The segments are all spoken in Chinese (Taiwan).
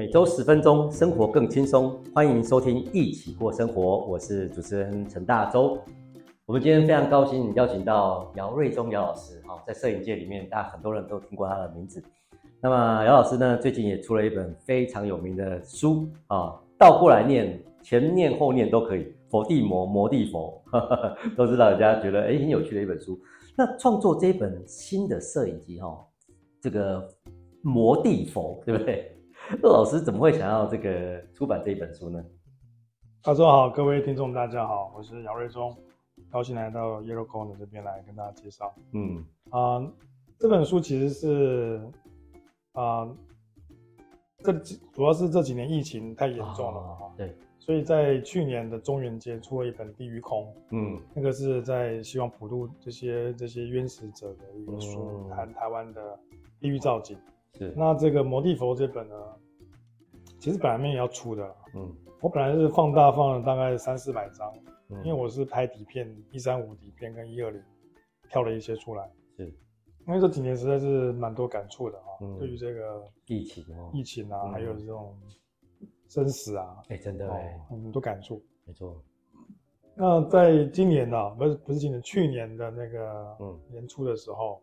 每週十分鐘，生活更輕鬆。歡迎收聽《一起過生活》，我是主持人陳大洲。我們今天非常高興邀請到姚瑞中姚老師。哈，在攝影界裡面，大家很多人都聽過他的名字。那麼姚老師呢，最近也出了一本非常有名的書啊，倒過來念，前念後念都可以，佛地魔，魔地佛， 都知道人家覺得很、欸、有趣的一本書。那創作這一本新的攝影集哈、喔，這個魔地佛，對不對？老師怎麼會想要這個出版這一本書呢？大家好，各位聽眾，大家好，我是姚瑞中，高興來到 YellowKorner 的這邊來跟大家介紹。嗯啊、呃，這本書其實是啊、呃，這主要是這幾年疫情太嚴重了、啊、對。所以在去年的中元節出了一本《地獄空》，嗯，那個是在希望普渡這些這些冤死者的一個書，嗯、談台灣的地獄造景。嗯是，那這個魔地佛這本呢，其實本來面也要出的。嗯，我本來是放大放了大概三四百張，嗯，因為我是拍底片，一三五底片跟一二零，挑了一些出來。是，因為這幾年實在是蠻多感觸的啊，對、嗯、於這個疫情、啊、疫情啊，嗯、還有這種生死啊，哎、欸，真的、欸、很多感觸。沒錯。那在今年呢、啊，不是不是今年，去年的那個年初的時候，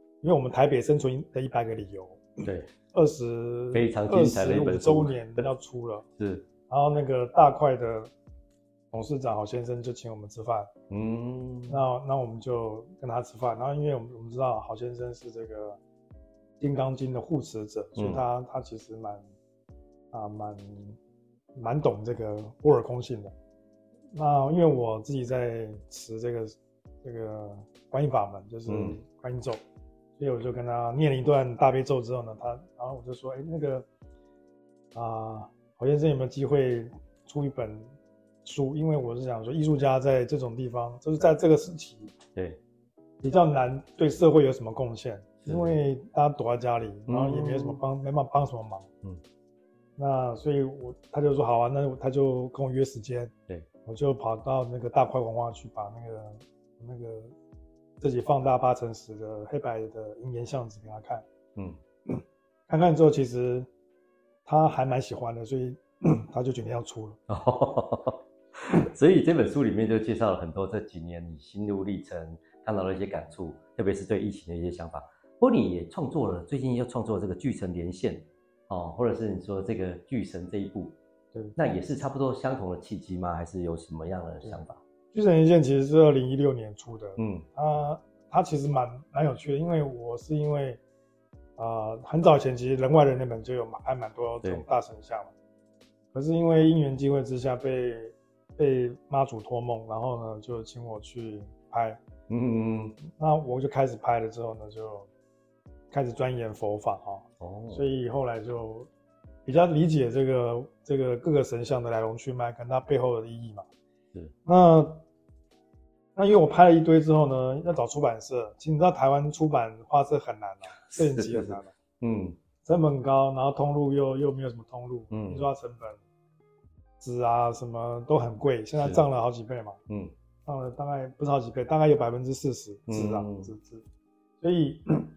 嗯、因為我們台北生存的一百個理由。對，二十非常的周年都要出了，是。然後那個大塊的董事長郝先生就請我們吃飯，嗯，那那我們就跟他吃飯。然後因為我們我們知道郝先生是這個《金剛經》的護持者，所以他、嗯、他其實蠻啊蠻蠻懂這個《般若空性》的。那因為我自己在持這個這個觀音法門，就是觀音咒。嗯所以我就跟他念了一段大悲咒之後呢，他然後我就說，哎、欸，那個，啊、呃，侯先生有沒有機會出一本書？因為我是想說，藝術家在這種地方，就是在這個時期，對，比較難對社會有什麼貢獻，因為大家躲在家裡，然後也沒什麼幫、嗯，沒辦法幫什麼忙，嗯，那所以我，我他就說好啊，那他就跟我約時間，對，我就跑到那個大塊文化去把那個那個。自己放大八乘十的黑白的銀鹽相紙給他看嗯，嗯，看看之後其實他還蠻喜歡的，所以他就決定要出了。 所以這本書裡面就介紹了很多這幾年你心路歷程，看到的一些感觸，特別是對疫情的一些想法。不過你也創作了，最近又創作這個《巨神連線》哦，或者是你說這個《巨神》這一部，對，那也是差不多相同的契機嗎？還是有什麼樣的想法？《巨神連線》其實是二零一六年出的，嗯，它、啊、它其實蠻蠻有趣的，因為我是因為，啊、呃，很早前其實人外人那本就有蠻還蠻多這種大神像嘛，可是因為因緣際會之下被被媽祖托夢，然後呢就請我去拍，嗯嗯，嗯那我就開始拍了之後呢就開始鑽研佛法哈、哦，哦，所以後來就比較理解這個這個各個神像的來龍去脈跟它背後的意義嘛，是，那。那因為我拍了一堆之後呢，要找出版社，其實你知道台灣出版畫冊很難啊、喔，攝影集很難的、喔，嗯，成本很高，然後通路又又沒有什麼通路，嗯，你說它成本、啊，紙啊什麼都很貴，現在漲了好幾倍嘛，嗯，漲了大概不是好幾倍，大概有百分之四十，嗯，紙啊紙紙，所以、嗯、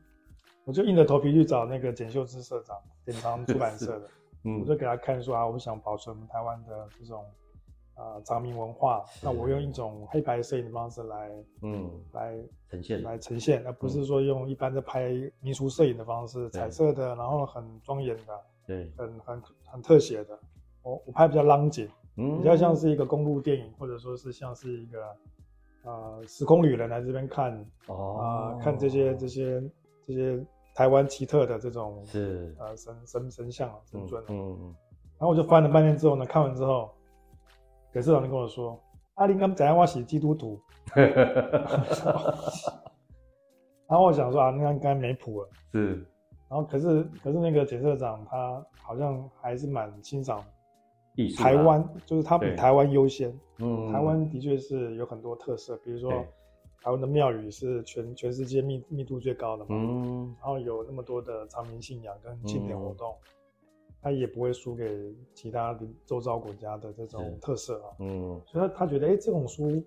我就硬着頭皮去找那個簡秀枝社長，典藏出版社的是是、嗯，我就給他看說啊，我想保存台灣的這種。啊、呃，藏民文化，那我用一種黑白攝影的方式來，嗯，嗯來呈現，來呈現，而不是說用一般的拍民俗攝影的方式、嗯，彩色的，然後很莊嚴的，對，很很很特寫的，我我拍比較 long 景，嗯，比較像是一個公路電影，或者說是像是一個，啊、呃，時空旅人來這邊看，哦，啊、呃，看這些這些這些台灣奇特的這種是，啊、呃，神神神像啊，神尊，嗯嗯，然後我就翻了半天之後呢，看完之後。檢社長就跟我說：“阿林剛剛講我寫基督徒。 ” 然後我想說：“啊，那應該沒譜了。”是。然後可是可是那個檢社長他好像還是蠻欣賞台灣，就是他比台灣優先。嗯。台灣的確是有很多特色，比如說台灣的廟宇是全全世界密密度最高的嘛。嗯。然後有那麼多的常民信仰跟慶典活動。嗯他也不會輸給其他周遭國家的這種特色啊，嗯，所以他覺得，哎、欸，這種書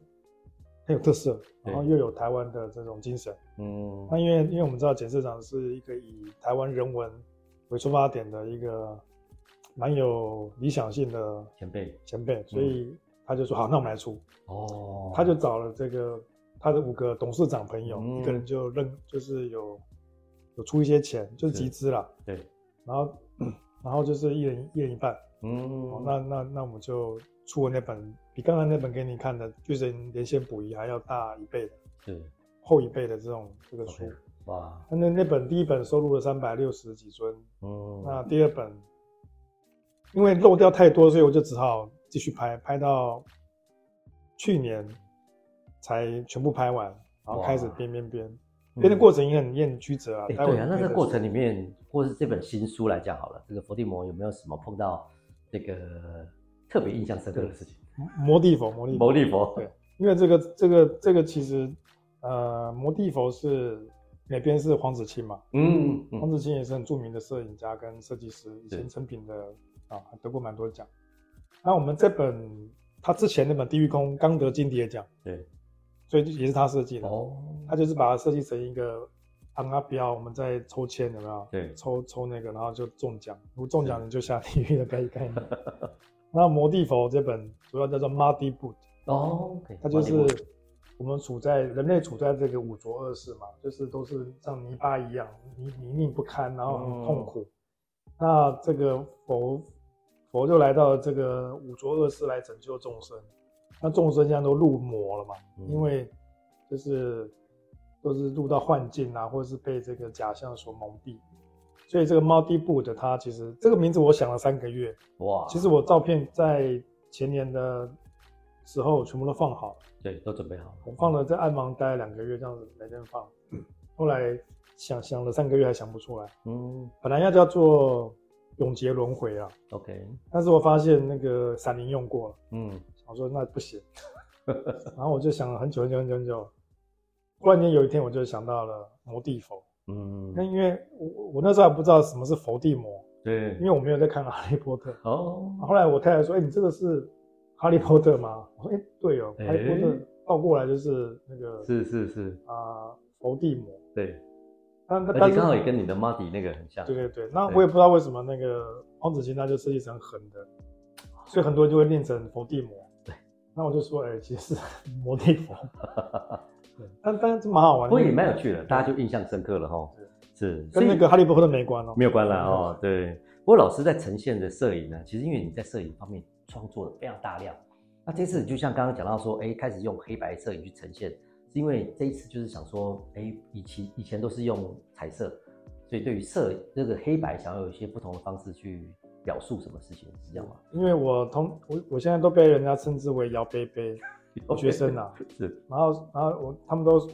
很有特色，然後又有台灣的這種精神，嗯，那因為因為我們知道簡社長是一個以台灣人文為出發點的一個蠻有理想性的前輩前輩，所以他就說、嗯、好，那我們來出哦，他就找了這個他的五個董事長朋友，嗯、一個人就認就是有有出一些錢，就是、集資了，對，然後。 然後就是一人一人一半，嗯，喔、那那那我們就出了那本比剛才那本給你看的《巨神連線補遺》還要大一倍的，對，後一倍的這種這個書，okay, 哇！那那本第一本收錄了三百六十幾尊，哦、嗯，那第二本因為漏掉太多，所以我就只好繼續拍，拍到去年才全部拍完，然後開始編編編，編、啊嗯、的過程也很也曲折啊、欸，對啊，那個過程裡面。或是這本新書來講好了，這個佛地魔有沒有什麼碰到那個特別印象深刻的事情？魔地佛，魔地佛，魔地佛。對，因為這個這個這個其實，呃，魔地佛是哪邊？邊是黃子欽嘛？嗯，黃子欽也是很著名的攝影家跟設計師，嗯，以前成品的啊，得過蠻多獎。那我們這本，他之前那本《地獄空》剛得金蝶獎，對，所以也是他設計的。哦，他就是把它設計成一個。阿彪，我們在抽籤有沒有？對，抽抽那個，然後就中獎，如果中獎你就下地獄的概概念。該該 那《摩地佛》這本主要叫做《Muddy Boot》哦，oh, okay, 它就是我們處在人類處在這個五濁惡世嘛，就是都是像泥巴一樣泥泥濘不堪，然後很痛苦。Oh. 那這個佛佛就來到這個五濁惡世來拯救眾生。那眾生現在都入魔了嘛，嗯、因為就是。都是入到幻境啊，或者是被這個假象所蒙蔽，所以這個魔地佛的它其實這個名字我想了三個月哇。其實我照片在前年的時候，我全部都放好了，對，都準備好了。我放了在暗房待兩個月，這樣子每天放。後來想想了三個月還想不出來，嗯，本來要叫做永劫輪回啊，OK。但是我發現那個《閃靈》用過了，嗯，我說那不行， 然後我就想了很久了很久很久很久。忽然有一天我就想到了魔地佛，嗯，那因為我我那時候還不知道什麼是佛地魔，對，因為我沒有在看哈利波特。哦，後來我太太說：“哎、欸，你這個是哈利波特嗎？”我說：“哎、欸，對哦、喔欸欸，哈利波特倒過來就是那個。”是是是啊、呃，佛地魔。對，而且剛好也跟你的馬迪那個很像。對對對，那我也不知道為什麼那個黃子琪他就設計成橫的，所以很多人就會念成佛地魔。對，那我就說：“哎、欸，其實是魔地佛。 ”對，但但是蠻好玩的。不、那、過、個、也蠻有趣的，大家就印象深刻了哈。是，跟那個哈利波特沒關哦，沒有關了哦。對，不過老師在呈現的攝影呢，其實因為你在攝影方面創作了非常大量，那這次你就像剛剛講到說，哎、欸，開始用黑白攝影去呈現，是因為這一次就是想說，哎、欸，以前以前都是用彩色，所以對於色這個黑白，想要有一些不同的方式去表述什麼事情，是這樣嗎？因為我同我我現在都被人家稱之為姚杯杯。Okay, 學生啊，是，然後，然後我他們都，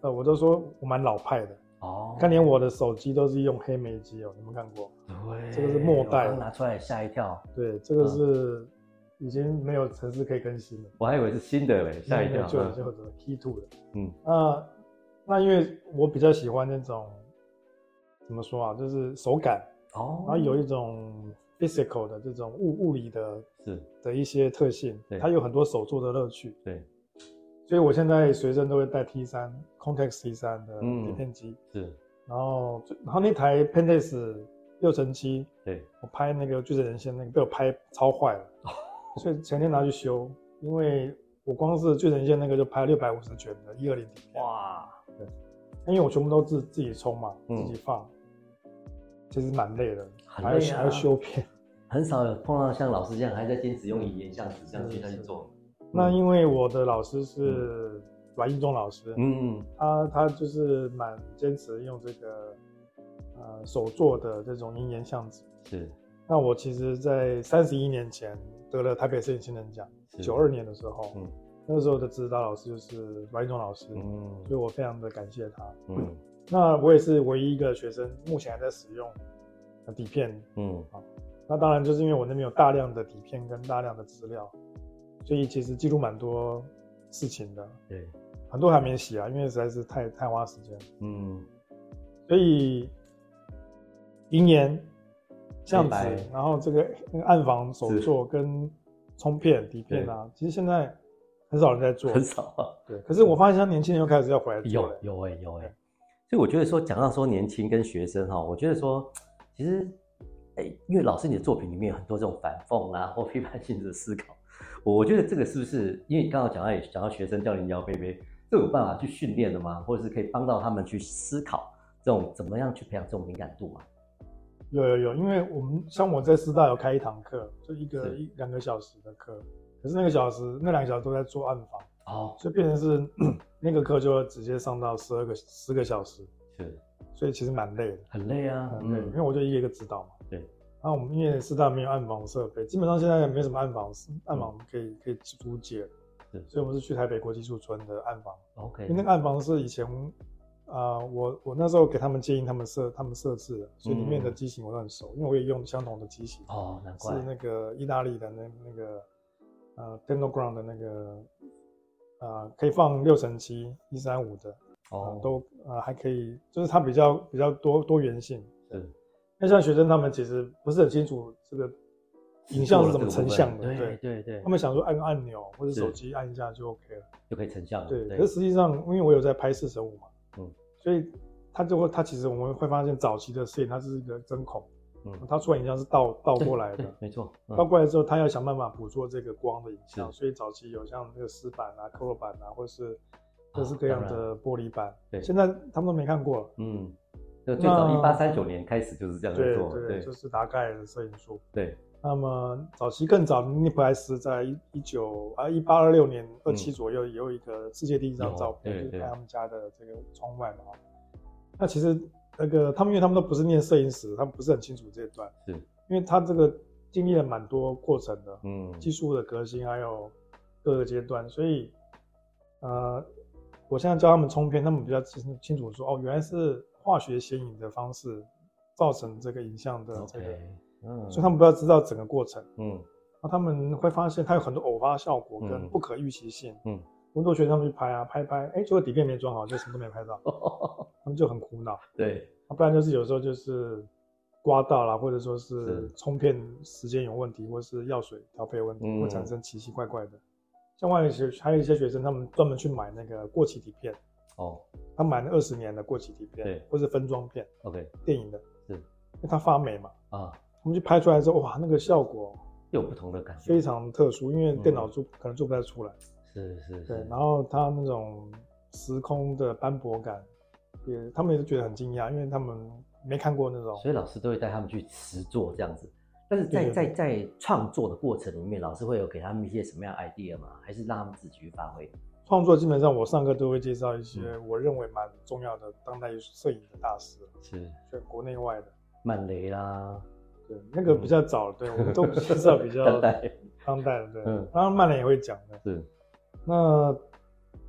呃，我都說我蠻老派的哦，看連我的手機都是用黑莓機哦，喔，你們看過？對這個是末代，拿出來嚇一跳。對，這個是已經沒有程式可以更新了，嗯。我還以為是新的嘞，嚇一跳。就，就是就是 Key Two 的，嗯，那、呃、那因為我比較喜歡那種，怎麼說啊，就是手感哦，然後有一種。physical 的這種物物理的，是的一些特性，對它有很多手作的樂趣。對，所以我現在隨身都會帶 T 三 Contax T 三的底片機，嗯。是，然後然後那台 Pentax 六乘七，對，我拍那個《巨神連線》那個被我拍超壞了， 所以前天拿去修，因為我光是《巨神連線》那個就拍了六百五十卷的一二零底片。哇，對，因為我全部都自自己沖嘛，嗯，自己放。其實蠻累的，還要、啊、還要修片，很少有碰到像老師這樣還在堅持用銀鹽相紙這樣去，去做、嗯。那因為我的老師是阮義忠老師，嗯，他他就是蠻堅持用這個、呃、手做的這種銀鹽相紙是。那我其實，在三十一年前得了台北攝影新人獎，九二年的時候，嗯，那時候的指導老師就是阮義忠老師，嗯，所以我非常的感謝他，嗯。嗯那我也是唯一一個學生，目前還在使用的底片。嗯，啊、那當然，就是因為我那邊有大量的底片跟大量的資料，所以其實記錄蠻多事情的。對，很多還沒洗啊，因為實在是太太花時間。嗯，所以銀鹽相紙，然後這個、那個、暗房手作跟沖片底片啊，其實現在很少人在做，很少，啊。對。可是我發現，像年輕人又開始要回來做。有有，有哎，欸、有哎，欸。所以我覺得說，講到說年輕跟學生哈，我覺得說，其實、欸，因為老師你的作品裡面有很多這種反諷啊或批判性的思考，我覺得這個是不是因為你剛剛講到也講到學生叫林瑤貝貝，這有辦法去訓練的嗎？或者是可以幫到他們去思考這種怎麼樣去培養這種敏感度嘛？有有有，因為我們像我在師大有開一堂課，就一個一兩個小時的課，可是那個小時那兩個小時都在做暗訪，哦，就變成是。 那個課就會直接上到十二個十個小時，是,所以其實蠻累的，很累啊,很累。因為我就一個，一個指導嘛。對、嗯。然後我們因為是師大沒有暗房設備，基本上現在也沒什麼暗房，暗房可以、嗯、可以租借。對。所以我們是去台北國際駐村的暗房。OK。因為那個暗房是以前啊、呃，我我那時候給他們建議他們設，他們設他們設置的，所以裡面的機型我都很熟、嗯，因為我也用相同的機型。哦，難怪。是那個意大利的那個、那,那個呃 Dental Ground 的那個。啊、呃，可以放六乘七、一三五的，哦、呃，oh. 都啊、呃、還可以，就是它比較比較多多元性。對，那像學生他們其實不是很清楚這個影像是怎麼成像的，的對對對，對。他們想說按個按鈕或者手機按一下就 OK 了，就可以成像了。對，可是實際上因為我有在拍四乘五嘛，嗯，所以它就會它其實我們會發現早期的攝影它是一個針孔。他、嗯、出來影像是倒倒過來的，沒錯、嗯。倒過來之後，他要想辦法捕捉這個光的影像，所以早期有像這個石板啊、膠、嗯、板啊，或是各式各樣的玻璃板，哦。對，現在他們都沒看過。嗯，那最早一八三九年開始就是這樣子做對對，對，就是達蓋爾攝影術。對，那麼早期更早，尼普萊斯在一九啊一八二六年二七左右也有一個世界第一張照片，就、嗯、拍他們家的這個窗外嘛。那其實。那個他們，因為他們都不是念攝影史，他們不是很清楚這一段。是，因為他這個經歷了蠻多過程的，嗯，技術的革新，還有各個階段，所以，呃，我現在教他們沖片，他們比較清楚清楚說，哦，原來是化學顯影的方式造成這個影像的這個，okay, 嗯，所以他們比較知道整個過程，嗯，那他們會發現它有很多偶發效果跟不可預期性，嗯。嗯工作學生他們去拍啊，拍拍，哎、欸，結果底片沒裝好，就什麼都沒拍到， 他們就很苦惱。對，啊不然就是有時候就是刮到了，或者說是沖片時間有問題，或者是藥水調配有問題，會產生奇奇怪怪的、嗯。像外面學，還有一些學生，他們專門去買那個過期底片。哦。他買了二十年的過期底片。對。或是分裝片。OK。電影的。對。因為他發霉嘛。啊。我們去拍出來之後，哇，那個效果有不同的感覺。非常特殊，因為電腦做可能做不太出來。嗯是，是是，對，然後他那種時空的斑駁感，也他們也是覺得很驚訝，因為他們沒看過那種，所以老師都會帶他們去實作這樣子。但是在是是在在創作的過程裡面，老師會有給他們一些什麼樣 idea 嗎？還是讓他們自己去發揮？創作基本上我上課都會介紹一些我認為蠻重要的當代攝影的大師，是全國內外的，曼雷啦。對，那個比較早，嗯、對我們都介紹比較當代的，對，當、嗯、然曼雷也會講的，是。那，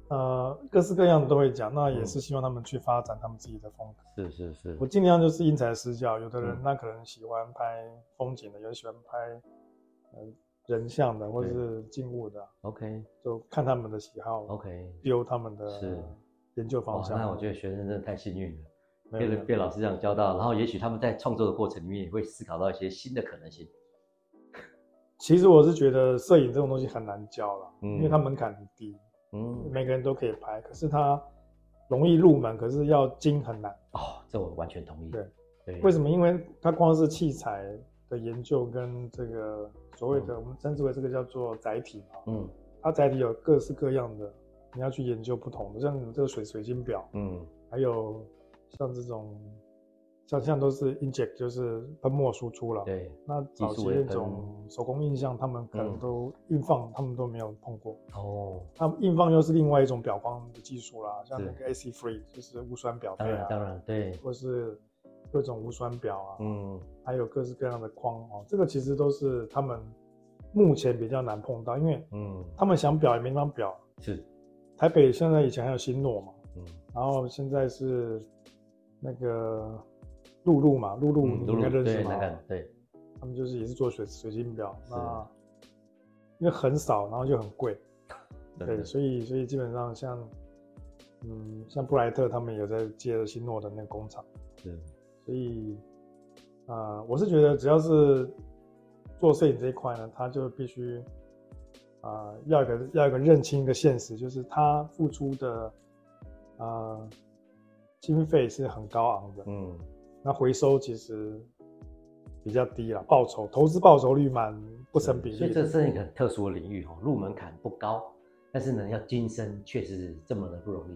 呃，各式各樣的都會講，那也是希望他們去發展他們自己的風格。嗯、是是是，我盡量就是因材施教，有的人、嗯、那可能喜歡拍風景的，有喜歡拍，呃、人像的，okay. 或者是靜物的。OK，就看他們的喜好。OK，丟他們的是研究方向，okay. 哦。那我覺得學生真的太幸運了，被被老師這樣教導，然後也許他們在創作的過程裡面也會思考到一些新的可能性。其實我是覺得攝影這種東西很難教了，嗯，因為它門檻很低，嗯，每個人都可以拍，可是它容易入門，可是要精很難。哦，這我完全同意。對，對，為什麼？因為它光是器材的研究跟這個所謂的，嗯，我們稱之為這個叫做載體嘛，嗯，它載體有各式各樣的，你要去研究不同的，像這個水水晶表，嗯，還有像這種。像像都是 inject，就是噴墨輸出了。對，那早期那種手工印象，他們可能都印放，他們都沒有碰過。嗯嗯、哦，那印放又是另外一種表光的技術啦，像那個 AC free，就是無酸裱褙。啊，當然當然，對。或是各種無酸裱啊，嗯，還有各式各樣的框哦、喔，這個其實都是他們目前比較難碰到，因為嗯，他們想裱也沒辦法裱。是，台北現在以前還有新諾嘛，嗯，然後現在是那個。露露嘛，露露、嗯、你應該認識嘛，對，他們就是也是做水水晶表，那因為很少，然後就很貴，對，所以所以基本上像，嗯，像布萊特他們也在接新諾的那個工廠，對，所以啊、呃，我是覺得只要是做攝影這一塊呢，他就必須啊、呃、要一個要一個認清一個現實，就是他付出的啊、呃、經費是很高昂的，嗯。那回收其實比較低了，報酬投資報酬率蠻不成比例的，所以這是一個很特殊的領域哈，入門檻不高，但是呢要精深確實是這麼的不容易，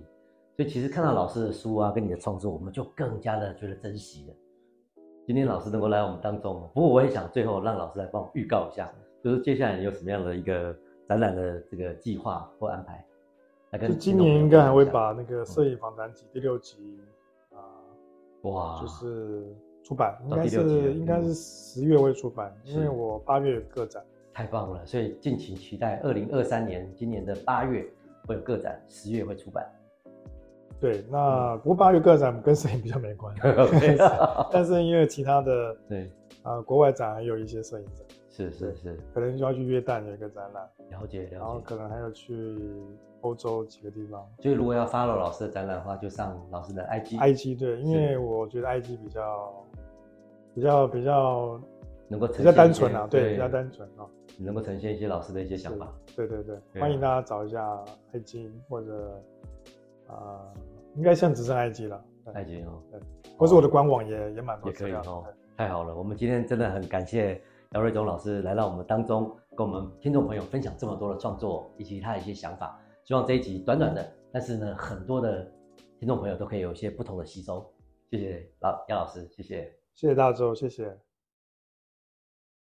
所以其實看到老師的書啊、嗯、跟你的創作，我們就更加的覺得珍惜了。今天老師能夠來我們當中，不過我也想最後讓老師來幫我預告一下，就是接下來有什麼樣的一個展覽的這個計劃或安排。就今年應該還會把那個攝影訪談集第六集。嗯哇，就是出版應該是應該是十月會出版，因為我八月有個展，太棒了，所以敬請期待二零二三年今年的八月會有個展，十月會出版。對，那國八、嗯、月個展跟攝影比較沒關係 Okay, 但是因為其他的對啊、呃，國外展還有一些攝影展。是是是,是，可能就要去約旦的一個展覽，了解了解，然後可能還要去歐洲幾個地方。就如果要 follow 老師的展覽的話，就上老師的 IG，IG、嗯、IG, 對，因為我覺得 IG 比較比較比較能夠比較單純啊對，對，比較單純啊，你能夠呈現一些老師的一些想法。對對對,對、啊，歡迎大家找一下 IG，或者啊、呃，應該像只剩 IG 了，IG 哦，對，或是我的官網也、哦、也蠻不錯的也可以哦。太好了，我們今天真的很感謝。姚瑞中老師來到我們當中，跟我們聽眾朋友分享這麼多的創作以及他的一些想法。希望這一集短短的，但是呢，很多的聽眾朋友都可以有一些不同的吸收。謝謝老姚老師，謝謝，謝謝大周，謝謝。